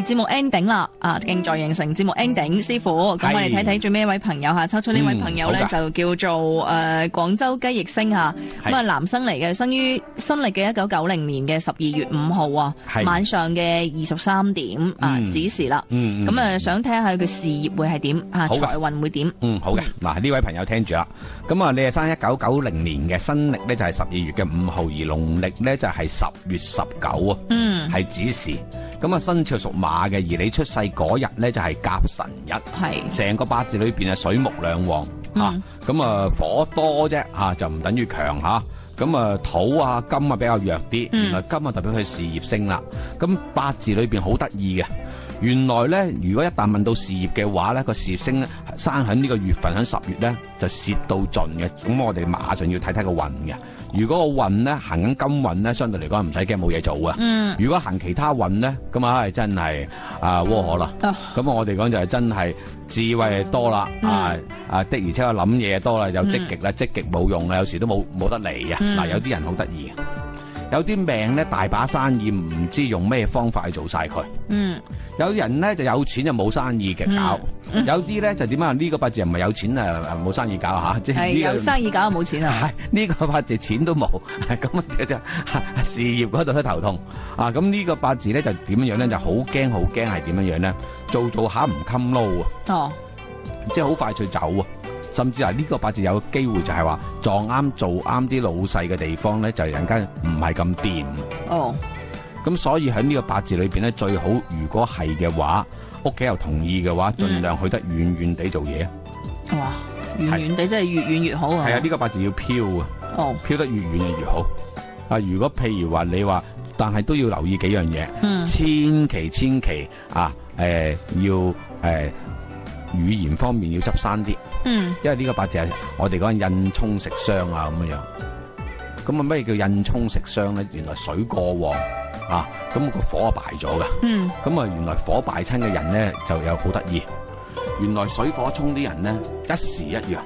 節目 ending 啦，啊正在形成節目 ending，師傅，咁、嗯、我哋睇睇最尾一位朋友吓，抽出呢位朋友咧就叫做誒廣、呃、州雞翼星吓，咁啊、嗯嗯、男生嚟嘅，生於新曆嘅一九九零年嘅十二月五號是啊，晚上嘅二十三點啊子時啦，咁啊想聽下佢事業會係點啊，財運會點、嗯，嗯好嘅，嗱呢位朋友聽住啦，咁啊你係生一九九零年嘅，新曆咧就係十二月嘅五號，而農曆咧就係十月十九啊，嗯係子時。咁啊，生肖屬馬嘅，而你出世嗰日咧就係、是、甲辰日，係成是個八字裏邊啊水木兩旺，嗯、啊咁啊火多啫，吓、啊、就唔等於強吓，咁啊土啊金啊比較弱啲，嗯，金啊代表佢事業性啦，咁、嗯、八字裏邊好得意嘅。原來咧，如果一旦問到事業嘅話咧，個事業星生喺呢個月份喺十月咧，就蝕到盡嘅。咁、嗯、我哋馬上要睇睇個運嘅。如果個運咧行緊金運咧，相對嚟講唔使驚冇嘢做啊。如果行其他運咧，咁啊真係啊窩火啦。咁啊我哋講就係真係智慧多啦，啊、嗯、啊的而且確諗嘢多啦，又積極啦，積極冇用啊，有時都冇冇得嚟啊。嗱，有啲人好得意。有啲命咧，大把生意唔知用咩方法去做晒佢。嗯，有人咧就有錢就冇生意嘅搞，嗯、有啲咧、嗯、就點啊，呢個八字唔係有錢啊冇生意搞吓，係、啊即係呢個、有生意搞又冇錢啊。係呢、 呢個八字錢都冇，係咁啊事業嗰度都頭痛 啊。咁呢個八字咧就點樣樣咧就好驚好驚係點樣樣咧，做做下唔襟撈啊，哦、即係好快脆走啊。甚至係呢個八字有機會就係話撞啱做啱啲老細嘅地方咧，就人間唔係咁掂哦。咁、oh. 嗯、所以喺呢個八字裏邊咧，最好如果係嘅話，屋企又同意嘅話，盡量去得遠遠地做嘢、嗯。哇，遠遠地是即係越遠越好。啊。係啊，呢個八字要飄啊，飄、oh. 得越遠啊越好啊。如果譬如話你話，但係都要留意幾樣嘢，嗯、千祈千祈啊，誒、呃，要誒、呃、語言方面要執生啲。嗯，因為呢個八字係我哋講印沖食傷啊，咁樣，咁啊咩叫印沖食傷咧？原來水過旺啊，咁、個火敗咗噶，咁啊、嗯、原來火敗親嘅人咧就有好得意，原來水火沖啲人咧一時一樣。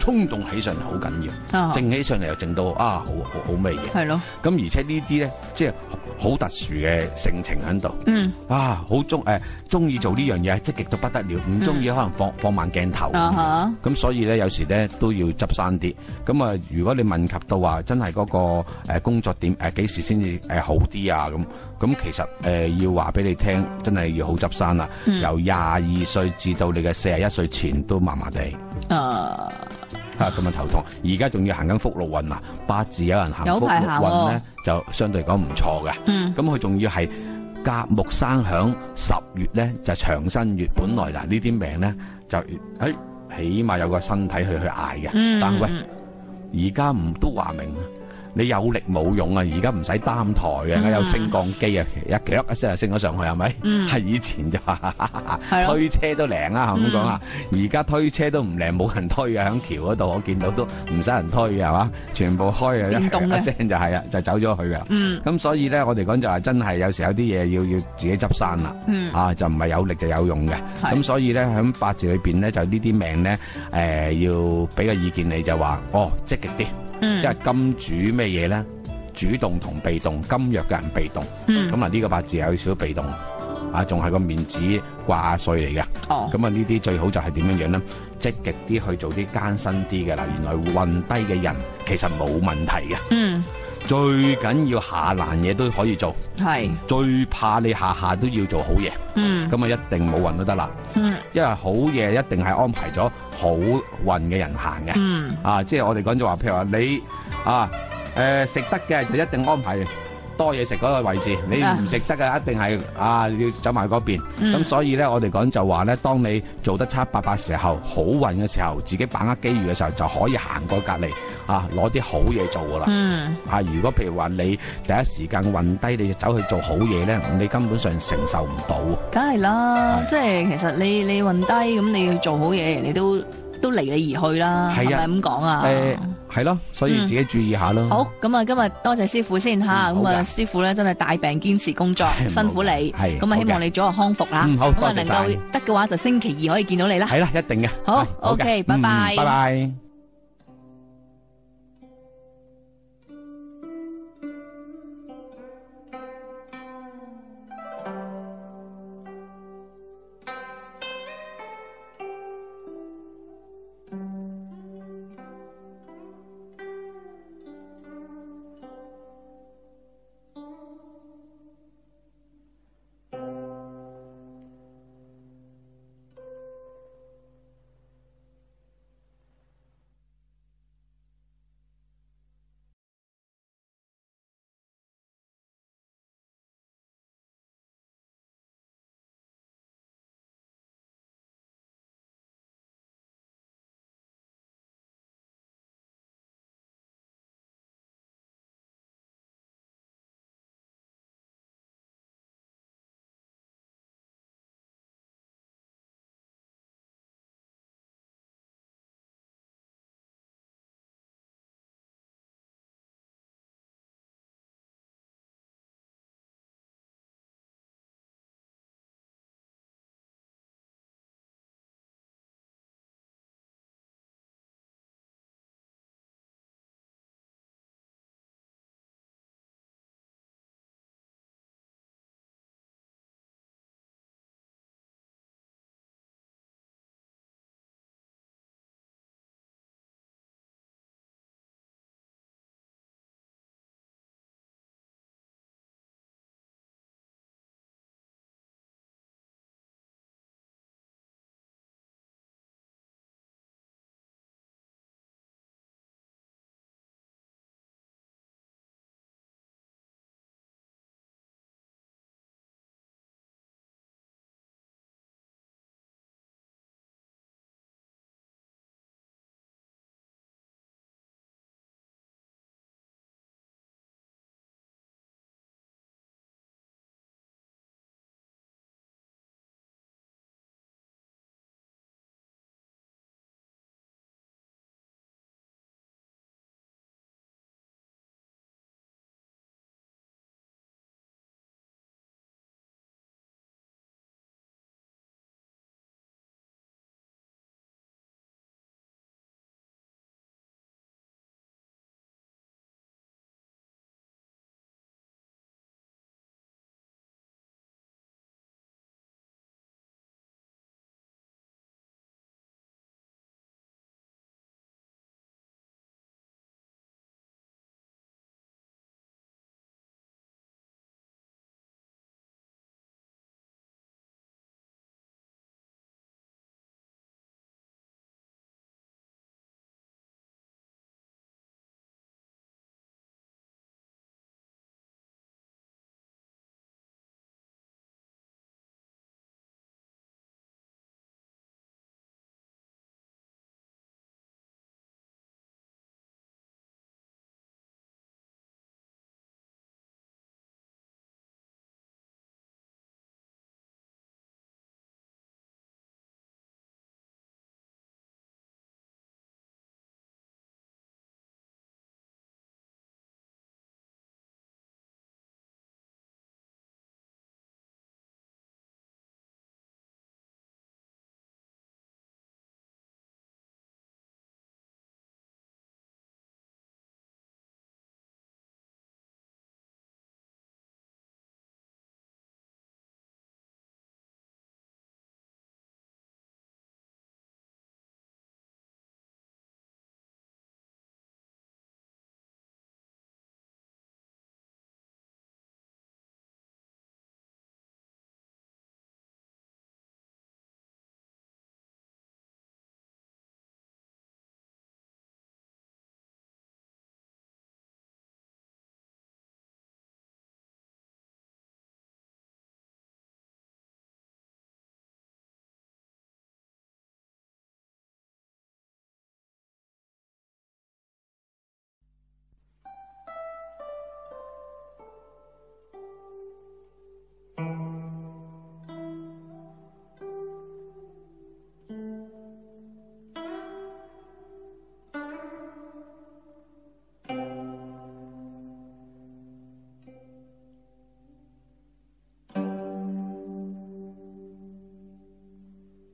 衝動起上嚟好緊要，靜、啊、起上嚟又靜到啊，好好好咩嘢？係咯。咁而且呢啲咧，即係好特殊嘅性情喺度。嗯。啊，好中誒，中意做呢樣嘢，積極到不得了。唔中意可能放放慢鏡頭。咁、嗯、所以咧，有時咧都要執生啲。咁啊，如果你問及到話，真係嗰個工作點誒幾時先至誒好啲啊？咁、啊、咁其實誒、呃、要話俾你聽，真係要好執生啦。嗯、由廿二歲至到你嘅四十一歲前都麻麻地。啊。嗯 uh 啊咁啊頭痛，而家仲要行緊福祿運啊！八字有人行福祿運咧，就相對講唔錯嘅。咁佢仲要係甲木生響十月咧，就長生月。本來嗱呢啲命咧就，誒、哎、起碼有個身體去去捱嘅。嗯、但係喂，而家唔都話明你有力冇用啊！而家唔使擔台嘅，啊，嗯、有升降機啊，一腳一聲就升咗上去係咪？是是嗯，係以前就推車都靈啊，咁講啊，而家推車都唔靈，冇人推啊，喺橋嗰度我見到都唔使人推啊，係嘛，全部開啊，一響聲就係啊，就走咗去噶。咁所以咧，我哋講就係真係，有時有啲嘢要要自己執生啦。啊就唔係有力就有用嘅。咁、嗯、所以咧，響八字裏邊咧，就呢啲命咧，誒、呃、要俾個意見你，就話哦積極啲。即係金主咩嘢咧？主動同被動，金弱嘅人被動，咁啊呢個八字有少少被動，啊仲係個面子掛帥嚟嘅，咁啊呢啲最好就係點樣樣咧？積極啲去做啲艱辛啲嘅啦。原來運低嘅人其實冇問題嘅。嗯最緊要下難嘢都可以做，係是最怕你下下都要做好嘢，咁啊、嗯、一定冇運都得啦，嗯、因為好嘢一定係安排咗好運嘅人行嘅、嗯啊，啊，即係我哋講就話，譬如話你啊，誒食得嘅就一定安排。多嘢食嗰個位置，你唔食得嘅一定係啊，要走埋嗰邊。咁、嗯、所以咧，我哋講就話咧，當你做得七八八時候，好運嘅時候，自己把握機遇嘅時候，就可以行過隔籬啊，攞啲好嘢做噶啦。嗯、啊，如果譬如話你第一時間運低，你就走去做好嘢咧，你根本上承受唔到。梗係啦，是即係其實你你運低，咁你要做好嘢，你都都離你而去啦，係咪咁講啊？是係咯，所以自己注意下咯。好，咁啊，今日多謝師傅先吓，咁啊，師傅咧真係大病堅持工作，辛苦你。係，咁啊，希望你早日康復啦。嗯，好多謝晒。能夠得嘅話就星期二可以見到你啦。係啦，一定嘅。好，OK，拜拜，拜拜。